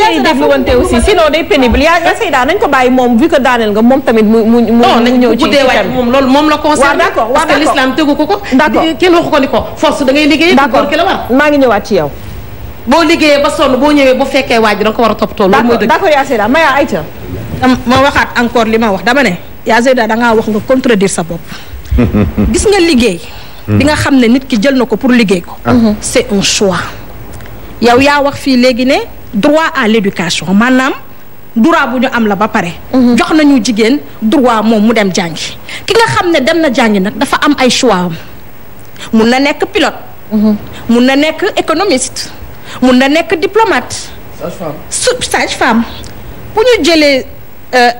yaa ngi déglu wante aussi sinon day pénible yaa yaa Seyda moom loolu moom la concerne d'accord parce ko ko d'accord ko ni ko force da ngay liggéey d'accord ki la war maa ngi ñëwaat ci yow boo liggéeyee ba sonn boo ñëwee ba fekkee waaj da nga ko war a toppatoo loolu mooy dëgg d'accord yaa Seyda Maya Aïcha ma waxaat encore li ma wax dama ne yaa Seyda dangaa wax nga contredire sa bopp gis nga liggéey bi hmm. nga xam ne nit ki jël na ko pour liggéey ko ah. c'est un choix yow yaa wax fii léegi ne droit à l'éducation maanaam droit bu ñu am la ba pare. Mhm. jox nañu jigéen droit moom mu dem jàngi ki nga xam ne dem na jàngi nag dafa am ay choix mun na nekk pilote. Mhm. mun na nekk économiste mun na nekk diplomate. sage femme su sage bu ñu jëlee. Euh,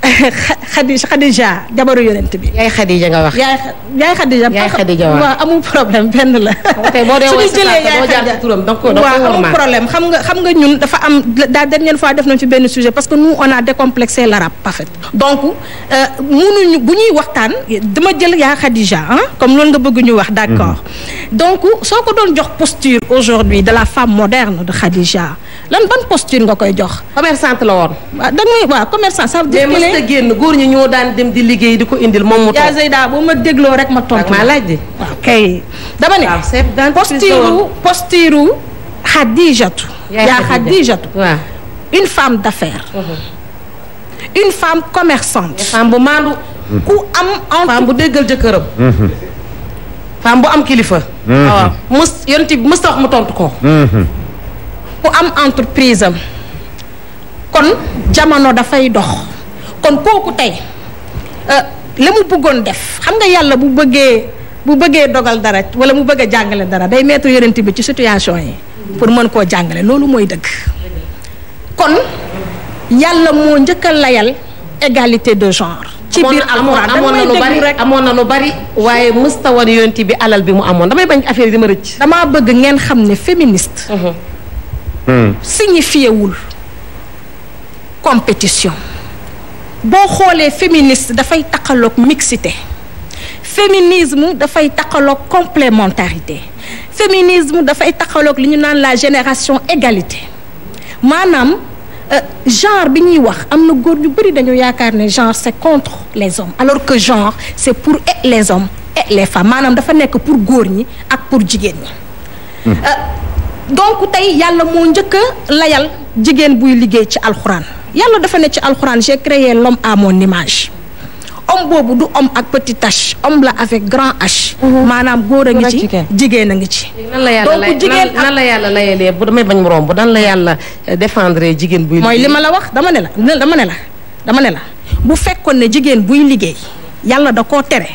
Khadija Khadija jabaru yonent bi. yaay Khadija nga wax. yaay yaay Khadija. yaay Khadija waaw amul problème benn la. su ñu jëlee yaay Khadija waaw amul problème xam nga xam nga ñun dafa am la dernière fois def nañ ci benn sujet parce que nous on a décomplexé l'arabe parfait donc euh, ñu bu ñuy waxtaan dama jël yaay Khadija ah comme loolu nga bëgg ñu wax. d'accord mm-hmm. donc soo ko doon jox posture aujourd'hui de la femme moderne de Khadija. lan ban posture nga koy jox. commerçante la woon. waaw da nga may waaw ñi ñoo daan dem di liggéey di ko indil moom mu toog. yaa Zeyda ma dégloo rek ma tontu. maa laaj de waaw déggal jëkkëram. Mhm. femme bu am kilifa. waaw mhm. wax mu tontu ko. Mhm. ku am entreprise am kon jamono dafay dox kon kooku tey euh, la mu bëggoon def xam nga yàlla bu bëggee bu bëggee dogal dara wala mu bëgg a jàngale dara day mettre yonent bi ci situation yi pour mën koo jàngale loolu mooy dëgg kon yàlla moo njëkk a layal égalité de genre ci biir alxuraan amoon na lu bari amoon na lu bari waaye mësta war yonent bi alal bi mu amoon damay bañ affaire yi dama rëcc damaa bëgg ngeen xam ne féministe mhm. Hmm. signifiewul compétition boo xoolee féministe dafay taqaloog mixité féminisme dafay taqaloog complémentarité féminisme dafay taqaloog li ñu naan la génération égalité maanaam euh, genre bi ñuy wax am na góor ñu bëri dañu yaakaar ne genre c'est contre les hommes alors que genre c'est pour et les hommes et les femmes maanaam dafa nekk pour góor ñi ak pour jigéen ñi hmm. euh, donc tey yàlla moo njëkk a layal jigéen buy liggéey ci alxuraan yàlla dafa ne ci alxuraan j'ai créé l'homme à mon boobu du homme ak petit h homme la avec grand H. Mhm. maanaam góor a ngi ci jigéen a ngi ci. donc jigéen nan la yàlla bu damay bañ mu romb nan la yàlla euh, défendre jigéen buy. mooy li ma la wax dama ne la dama ne la dama ne la bu fekkoon ne jigéen buy liggéey yàlla da koo tere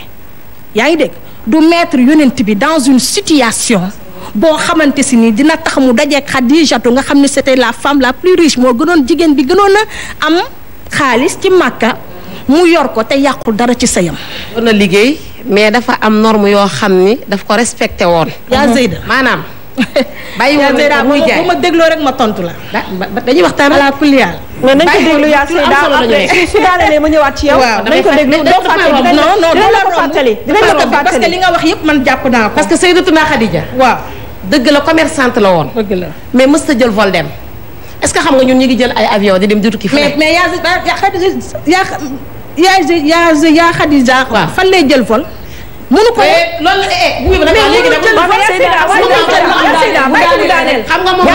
yaa ngi dégg du mettre yonent bi dans une situation. boo xamante si nii dina tax mu dajeeg Xadijatu nga xam ne c'était la femme la plus riche moo gënoon jigéen bi gënoon a am xaalis ci Màkka mu yor ko te yàqu dara ci sëyam. doon na liggéey mais dafa am norme yoo xam ni daf ko respecté woon. bàyyi woon muy jaay bu ma dégloo rek la. dañuy waxtaan ala kulli yàlla. mais nañ ko déglu yaa Seyda après su ñëwaat ci yow. parce que li nga wax yëpp man jàpp naa ko. parce que Seydatuna Khadija waaw. dëgg la commercant la woon. dëgg la mais mës ta jël vol dem. est-ce que xam nga ñun ñu ngi jël ay avion di dem di tukki. mais mais yaa yaa yaa yaa Khadija. waaw fan lay jël vol. mënu ko eh, loolu eh, eh bu ñu nag ah, léegi nag xam nga moom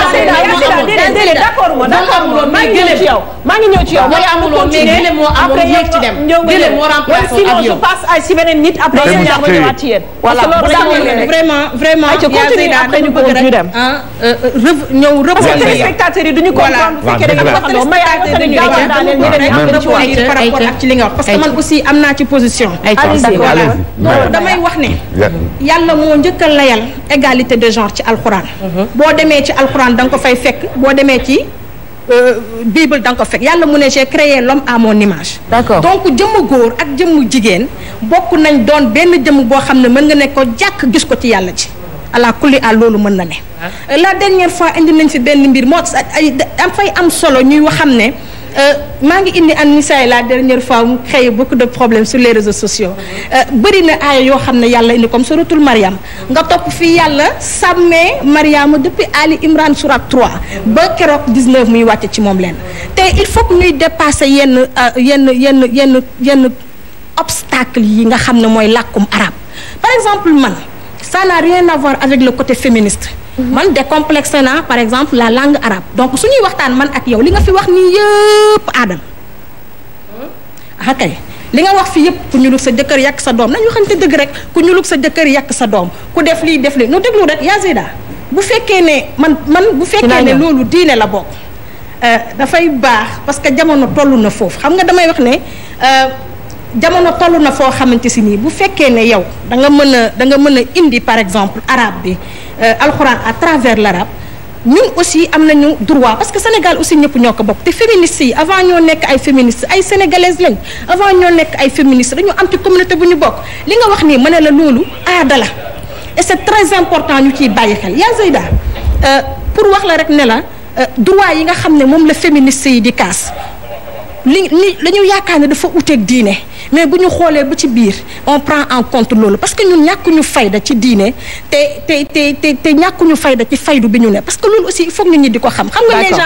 moo amoon yow maa ngi ñëw ci yow mooy amuloon mais gëlëm moo amoon yéeg ci dem gëlëm moo remplacé avion passe si beneen nit après yéen ñaar ba ñëwaat ci yéen voilà vraiment vraiment ay continue après ñu bëgg rek ah, euh, euh, ñëw rebondir parce que téléspectateurs yi duñu comprendre bu fekkee da nga wax loo may ay dañu gaaw daaneel ñeneen ñi am rapport par rapport ak ci li nga wax parce que man aussi am naa ci position damay wax ne. yàlla moo njëkk a layal égalité de genre ci alxuraan. Mhm. boo demee ci alxuraan da nga ko fay fekk boo demee ci euh, bible da nga ko fekk yàlla mu ne see créer l'homme à nimage image. d'accord donc jëmm góor ak jëmm jigéen bokk nañ doon benn jëmm boo xam ne mën nga ne ko jàkk gis ko ci yàlla ci. ala kulli àll loolu mën na ne. Ah. la dernière fois indi nañ fi benn mbir moo ay dafay am solo ñuy wax xam ne. Euh, maa ngi indi am misaay la dernière fois mu xëy beaucoup de problèmes sur les réseaux sociaux euh, bëri na aaya yoo xam ne yàlla indi comme suratul Mariam nga topp fii yàlla sàmmee Mariama depuis Ali Imran surat 3 ba keroog 19 muy wàcce ci moom leen te il faut que ñuy dépasser yenn euh, yenn yenn yenn yenn obstacle yi nga xam ne mooy làkkum arab par exemple man ça n'a rien à voir avec le côté féministe man décomplexé naa par exemple la langue arabe donc suñuy waxtaan man ak yow li nga fi wax nii yëpp aadama hmm? ah kay li nga wax fi yëpp ku ñulug sa jëkkër yàq sa doom nañu waxante dëgg rek ku ñulug sa jëkkër yàq sa doom ku def lii def lii nu déglu rek Yazida bu fekkee ne man man bu fekkee ne loolu diine la bokk euh, dafay baax parce que jamono tollu na foofu xam nga damay wax ne euh, jamono toll na foo xamante si nii bu fekkee ne yow da nga mën a da nga mën a indi par exemple arabe bi euh, alxuraan à travers l' arabe ñun aussi am nañu droit parce que Sénégal aussi ñëpp ñoo ko bokk te féministes yi avant ñoo nekk ay féministes ay sénégalaises lañ avant ñoo nekk ay féministes dañu am ci communauté bu ñu bokk li nga wax nii ma ne la loolu aadala la et c' est très important ñu ciy bàyyi xel yaa Zeyda euh, pour wax la rek nela la euh, droit yi nga xam ne moom la féministes yi di kaas li li la ñu yaakaar ne dafa uteeg diine mais bu ñu xoolee ba ci biir on prend en compte loolu parce que ñun ñàkkuñu fayda ci diine te te te te te ñàkkuñu fayda ci faydu bi ñu ne parce que loolu aussi il faut que ñun ñi di ko xam. xam nga les gens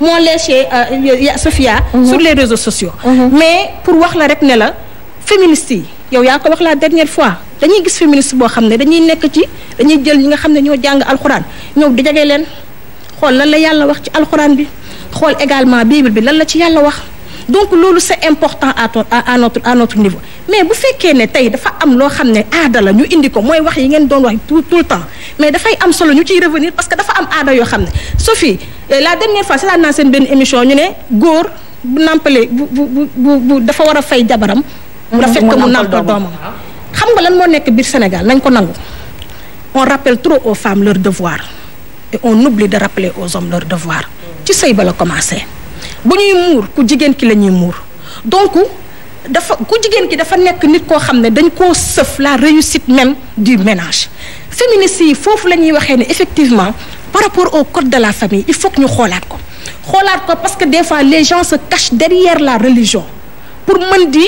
moo léché euh, Sofia. Mhm. sur les réseaux sociaux. Mhm. mais pour wax la rek ne la féministes yi yow yaa ko wax la dernière fois dañuy gis féministe boo xam ne dañuy nekk ci dañuy jël ñi nga xam ne ñoo jàng alxuraan ñëw di jage leen xool lan la yàlla wax ci alxuraan bi xool également bible bi lan la ci yàlla wax. donc loolu c'est important à ton à notre à notre niveau mais bu fekkee ne tey dafa am loo xam ne aada la ñu indi ko mooy wax yi ngeen doon wax tout tout le temps mais dafay am solo ñu ci revenir parce que dafa am aada yoo xam ne Sophie euh, la dernière fois seetaan naa seen benn émission ñu ne góor bu nàmpalee bu bu bu bu dafa war a fay jabaram. rafet ko mu nàmpal doomam xam nga lan moo nekk biir Sénégal nañ ko nangu on rappelle trop aux femmes leur devoir et on oublie de rappeler aux hommes leur devoir ci sëy ba la commencé. bu ñuy muur ku jigéen ki la ñuy muur donc dafa ku jigéen ki dafa nekk nit koo xam ne dañ koo sëf la réussite même du ménage féministes yi foofu la ñuy waxee ne effectivement par rapport au code de la famille il faut ñu xoolaat ko xoolaat ko parce que des fois les gens se cachent derrière la religion pour mën di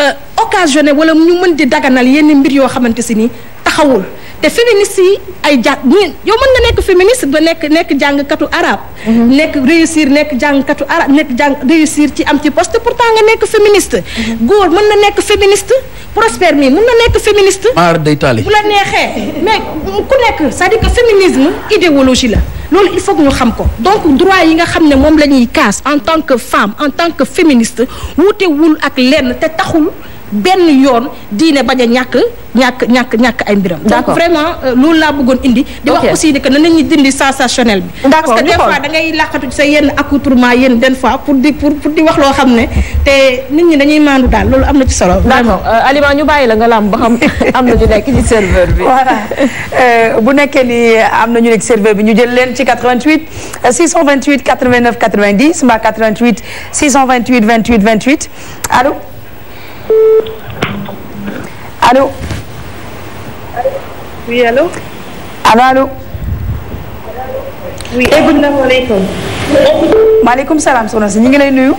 euh, occasionner wala ñu mën di daganal yenn mbir yoo xamante si ni taxawul te féministes yi ay jàng bu yow mën nga nekk féministe ba nekk nekk jàngkatu arabe. Mhm. nekk réussir nekk jàngkatu arabe nekk jàng réussir ci am ci poste pourtant nga nekk féministe. Mhm. góor mën na nekk féministe Prospère mi mën na nekk féministe. maar day taali bu la neexee mais ku nekk cest à féminisme idéologie la. loolu il faut ñu xam ko donc droit yi nga xam ne moom la ñuy kaas en tant que femme en tant que féministe wuute ak lenn te taxul. benn yoon diine bañ a ñàkk ñàkk ñàkk ñàkk ay mbiram donc vraiment euh, loolu laa bëggoon indi di wax aussi ni na nit ñi dindi sensationnel bi parce que des fois da ngay ci sa yenn accoutrement yenn des fois pour di wax loo xam ne te nit ñi dañuy maandu daal loolu am na ci solo d'accord euh, aliment ñu bàyyi la nga laam ba xam am na ñu nekk ci bi voilà euh, bu nekkee ni am na ñu nekk serveur bi ñu jël leen ci 88 628 89 90 mbaa 88 628 28 28 allo allo. oui allo. allo. oui asalaamaaleykum. maaleykum salaam soxna si ñu ngi lay nuyu.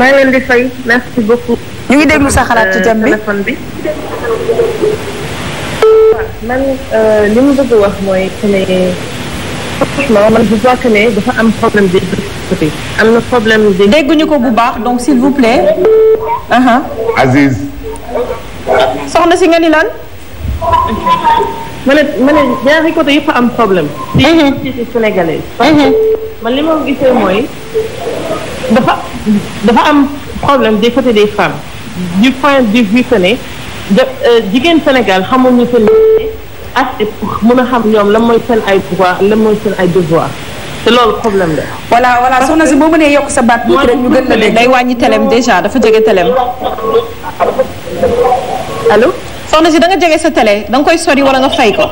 maa ngi leen di fay merci beaucoup. ñu ngi déglu sa xalaat ci jam euh, bi téléphone bi. Ah, man euh, li mu bëgg wax mooy que ne franchement man je vois que ne dafa am problème de am na problème de. dégguñu ko bu baax donc s'il vous plaît. Aziz. soxna si nga ni lan. ma ne ma ne ñaari côté yëpp am problème. Mhm. ci ci sénégalais. Mhm. parce que man li ma gisee mooy dafa dafa am problème des côtés des femmes du point de vue que ne de euh, jigéen Sénégal xamuñu seen aspect pour mën a xam ñoom lan mooy seen ay pouvoir lan mooy seen ay devoir te loolu problème la. voilà voilà soxna si boo mënee yokk sa baat. ñu gën la dégg day wàññi teleem déjà dafa jege teleem. allo. soxna si da nga jege sa télé da nga koy sori wala nga fay ko.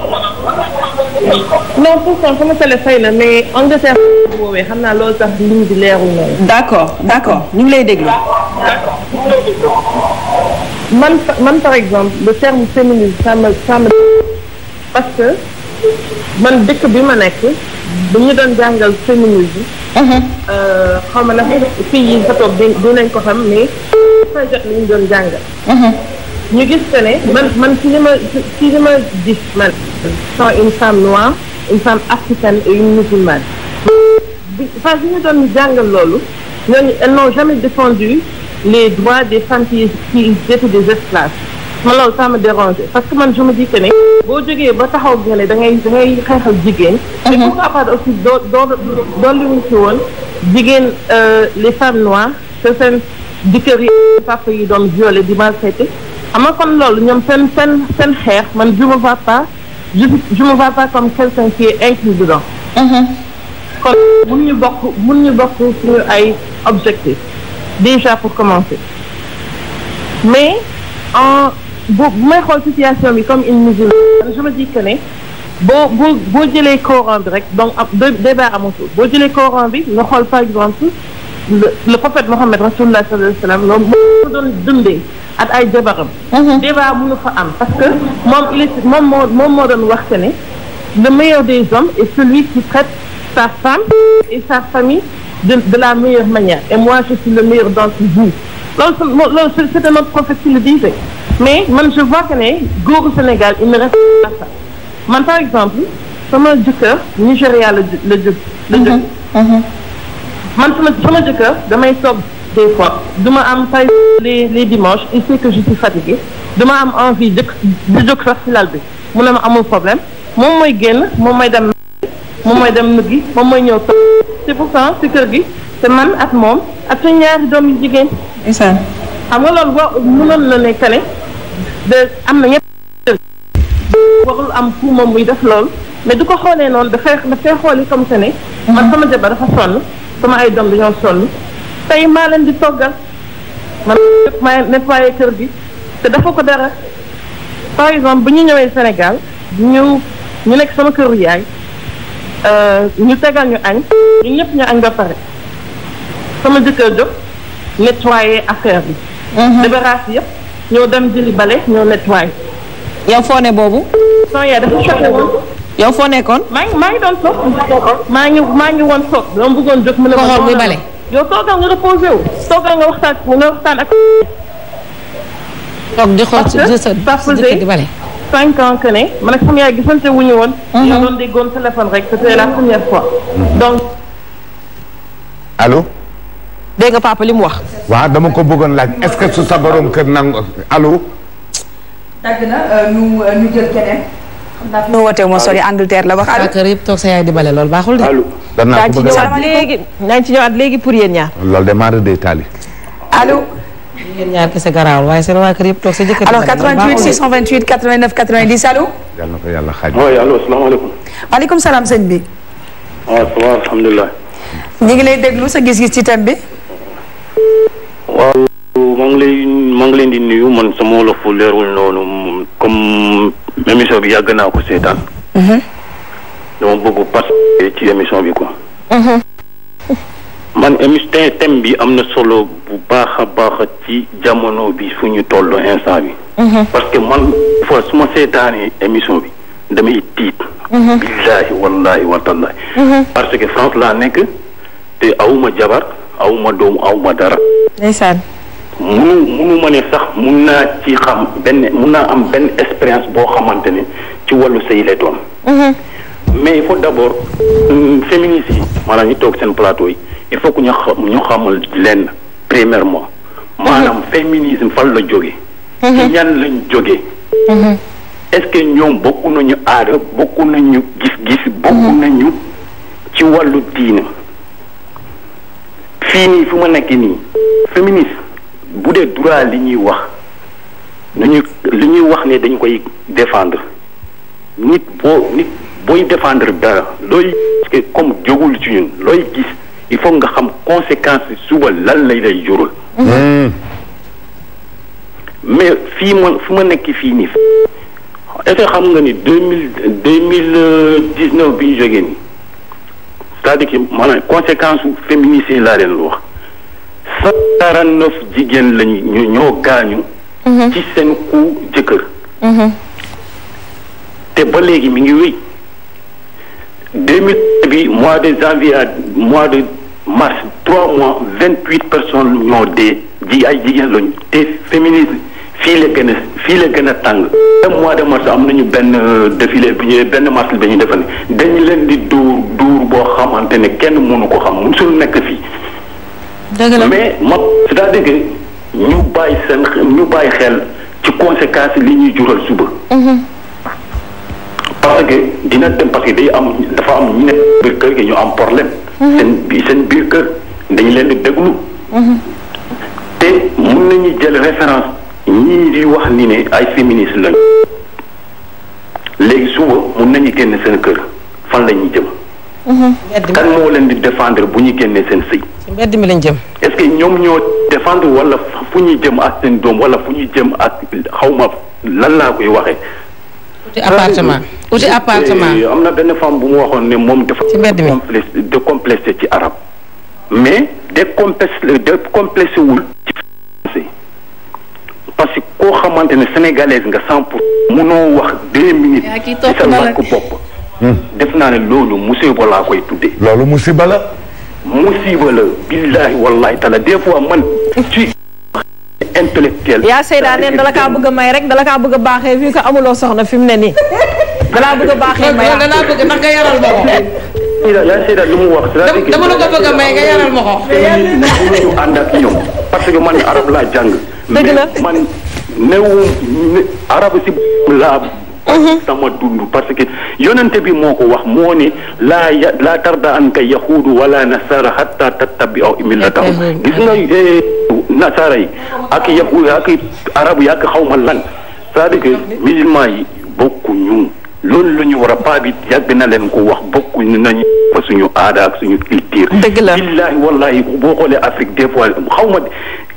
non pourtant sama télé fay na mais Angleterre boobee xam naa loolu sax ligne bi leerul noonu. d' accord d' accord ñu ngi lay déglu. man man par exemple le terme féminisme ça me ça parce que man dëkk bi ma nekk bu ñu doon jàngal féminisme. Mhm. Euh, xaw ma nag fii yi nga toog ko xam mais. dafa jot li ñu doon jàng mhm. ñu gis que ne man man ci ma ma gis man sont une femme noire une femme africaine et une musulmane bi phase bi ñu doon jàngal loolu ñooñu elles n'ont jamais défendu les droits des femmes qui qui étaient des esclaves man loolu ça me dérange parce que man je di dis boo jógee ba taxaw nga ne da ngay da ngay xeexal jigéen mais mhm. pourquoi pas aussi doo doo doolliwuñ woon jigéen euh, les femmes noires jëkkër yi papa yi doon violé di maltraité xam nga kon loolu ñoom seen seen seen xeex man je me vois pas je je me vois pas comme quelqu'un qui est inclus dedans mhm. kon mun ñu bokk mun ñu bokk ay objectif déjà pour commencer mais en bu may xool situation bi comme une musulmane je me dis que ne boo boo boo jëlee coran bi rek donc ab débat amatul boo jëlee coran bi nga xool par exemple le prophète Mohammed rasulullah sallallahu alayhi wa sallam loolu moo doon dundee ak ay jabaram. Mhm. débat mënu fa parce que moom il est moom moo moom wax ne le meilleur des hommes est celui qui traite sa femme et sa famille de la meilleure manière et moi je suis le meilleur d'entre vous loolu loolu c'est un autre le disait mais man je vois que ne góoru Sénégal il ne reste pas ça man par exemple sama jëkkër Nigéria la la jóg man sama sama jëkkër damay toog des fois du am par les les dimanches il sait que je suis fatiguée duma am envie jëkk di jóg sax ci lal bi mu na ma amul problème moom mooy génn moom mooy dem moom mooy dem nuggi moom mooy ñëw toog c'est pourtant ci kër gi te man at moom at suñu ñaari doom yu jigéen. isaan xam nga loolu boo mënoon ne que de am na ñett warul am pour moom muy def loolu mais du ko xoolee noonu dafay dafay xooli comme que ne. man mhm. sama jabar dafa sonn. sama ay doom dañoo sol tey maa leen di toggal man maa kër gi te dafa ko dara par exemple bu ñu ñëwee Sénégal ñu ñu nekk sama kër yaay euh, ñu tegal ñu añ ñu ñëpp ñu añ ba pare sama jëkkër jóg nettoyé affaire bi mhm. débarrasse yëpp ñoo dem jëli bale ñoo nettoyé yow foo ne boobu son yaay dafa choqué woon yow foo nekkoon. maa ngi maa ngi doon soog. maa ngi maa ngi woon soog. dama bëggoon jóg mu ne ma. ko xool muy bale. yow toogal nga nga waxtaan nga ak. toog di xool si di bale. cinq ans que ne man ak sama yaay gisante wu ñu woon. Mhm. ñoo doon déggoon téléphone rek c'était la première fois. Mhm. donc. allo. dégg nga papa li mu wax. waaw dama ko bëggoon laaj est-ce que su sa borom kër nangu allo. dagg na euh, euh, ndax noo wootee moo sori Angleterre la wax. allo kër yëpp toog sa yaay di bale loolu baaxul de. allo daan ci ñëwaat léegi daan ci ñëwaat léegi pour yéen ñaar. loolu de maa rëddee taali. allo. yéen ñaar kese garaawul waaye seen waa kër yëpp toog sa jëkkër. alors 88 628 89 90 allo. yàlla na ko yàlla xaaj. oui allo salaamaaleykum. waaleykum salaam sëñ bi. waaw ah, ça va alhamdulilah. ñu ngi lay déglu sa gis-gis ci thème bi. waaw maa ngi lay maa ngi leen di nuyu man sama wolof leerul noonu comme émission bi yàgg naa ko seetaan. Mhm. dama bëgg participer ci émission bi quoi. Mhm. man émission thème bi am na solo bu baax a baax ci jamono bi fu ñu toll instant bi. Mhm. parce que man fa su ma seetaanee émission bi damay tiit. billaahi wallaahi watallaahi. parce que France laa nekk te awuma jabar awuma doomu awuma dara. ndeysaan. munu munu ma ne sax mun naa ci xam benn mun naa am benn expérience boo xamante ne ci wàllu sëy lay doon. Mhm. mais il faut d'abord féministes yi maanaam ñu toog seen plateau yi il faut que ñu xam ñu xamal leen premièrement. Mhm. maanaam féminisme fan la jóge mhm. ci ñan lañ jóge est-ce que ñoom bokk nañu aada bokku nañu gis-gis bokku nañu ci wàllu diina fii nii fu ma nekk nii féministe bu dee droit li ñuy wax nañu li ñuy wax ne dañ koy defendre nit boo nit booy défendre dara looy parce comme jógul ci ñun looy gis il faut nga xam conséquence suba lan lay lay jural. Mm-hmm. mais fii ma fu ma nekk fii nii. est xam nga ni deux mille deux mille euh, dix neuf bi ñu jógee ni c'est-à-dire conséquence su féminicide laa leen lu wax. cent neuf jigéen lañu ñu ñoo gaañu. Mhm. ci seen ku jëkkër. Mhm. te ba léegi mi ngi wéy deux mille bi mois de janvier à mois de mars trois mois vingt huit personnes ñoo dee ji ay jigéen lañu te féminisme fii la gën a fii la gën a tàng. même mois de mars am nañu benn euh, défilé euh, bi ñu benn mars bi ñu defal dañu leen di duur duur boo xamante ne kenn mënu ko xam su nekk fii. mais ma c'est-à-dire ñu bàyyi seen ñu bàyyi xel ci conséquence li ñuy jural suba. Mhm. parce que dina dem parce que day am dafa am ñu biir kër gi ñu am problème. Mhm. seen seen biir kër dañ leen di déglu. Mhm. te mun nañu jël référence ñii di wax ni ne ay féministes lañ léegi suba mun nañu génn seen kër fan la ñuy jëm. kan moo leen di défendre bu ñu génnee seen sëy. mbedd mi lañ jëm. est-ce que ñoom ñoo défendre wala fu ñuy jëm ak seen doom wala fu ñuy jëm ak xawma lan laa koy waxee. uti appartement euh, uti appartement. Euh, am na benn femme bu mu waxoon ne moom dafa. ci mbedd mi décomplexé ci arab mais de décomplexé wul ci français parce que koo xamante ne sénégalaise nga cent pour munoo wax deux minutes. yaa ngi topp hmm. def naa ne loolu musiba laa musiba la billahi wallahi taala des fois man ci intellectuel yaa Seyda neen dala kaa bëgg a may rek dala kaa bëgg a baaxee vu que amuloo soxna fi mu ne nii dalaa bëgg a baaxee may dalaa bëgg ndax nga yaral ma ko yaa Seyda lu mu wax dama la ko bëgg a may nga yaral ma ko ñu ànd ak ñoom parce que man arab laa jàng dëgg la man néew arab si laa Mm-hmm. sama dund parce que yonante bi moo ko wax moo ni laa ya laa tarda an ka yahuudu wala nasara hatta tattabi aw millatahum mm-hmm. gis nga eh, nasara yi ak yahuud ak arab yi ak xawma lan cest à que musulman yi bokkuñu loolu la ñu war a paa bi yàgg na leen ko wax bokkuñu nañu fa suñu aada ak suñu culture. dëgg la billaahi wallaahi boo xoolee Afrique des fois xaw ma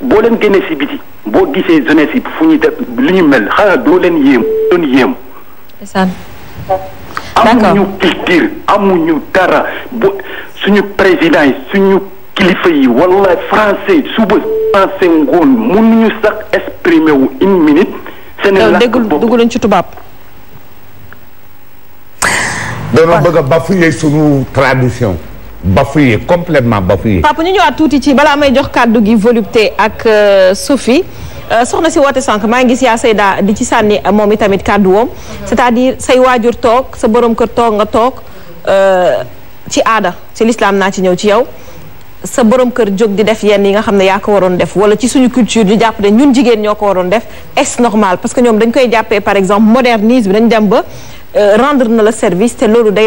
boo leen génnee si biti boo gisee jeunesse yi fu ñu def lu ñu mel xanaa doo leen yéem doon ndeysaan amuñu culture amuñu dara bu suñu président yi suñu kilifa yi wala français suba français ngoon mënuñu sax exprimer wu une minute. seen làkk boobu ci tubaab. dana bëgg a bafouer suñu tradition. bafoué complètement bafoué. papa ñu ñëwaat tuuti ci balaa may jox kàddu gi volupté ak euh, Sophie euh, soxna si woote sànq maa ngi gis yaa Seyda di ci sànni moom itamit kàddu woom. c'est-à-dire say waajur toog sa borom kër toog nga toog euh, ci aada ci lislaam naa ci ñëw ci yow. sa borom kër jóg di def yenn yi nga xam ne yaa ko waroon def wala ci suñu culture ñu jàpp ne ñun jigéen ñoo ko waroon def est normal parce que ñoom dañ koy jàppee par exemple modernisme dañ dem ba euh, rendre na la service te loolu day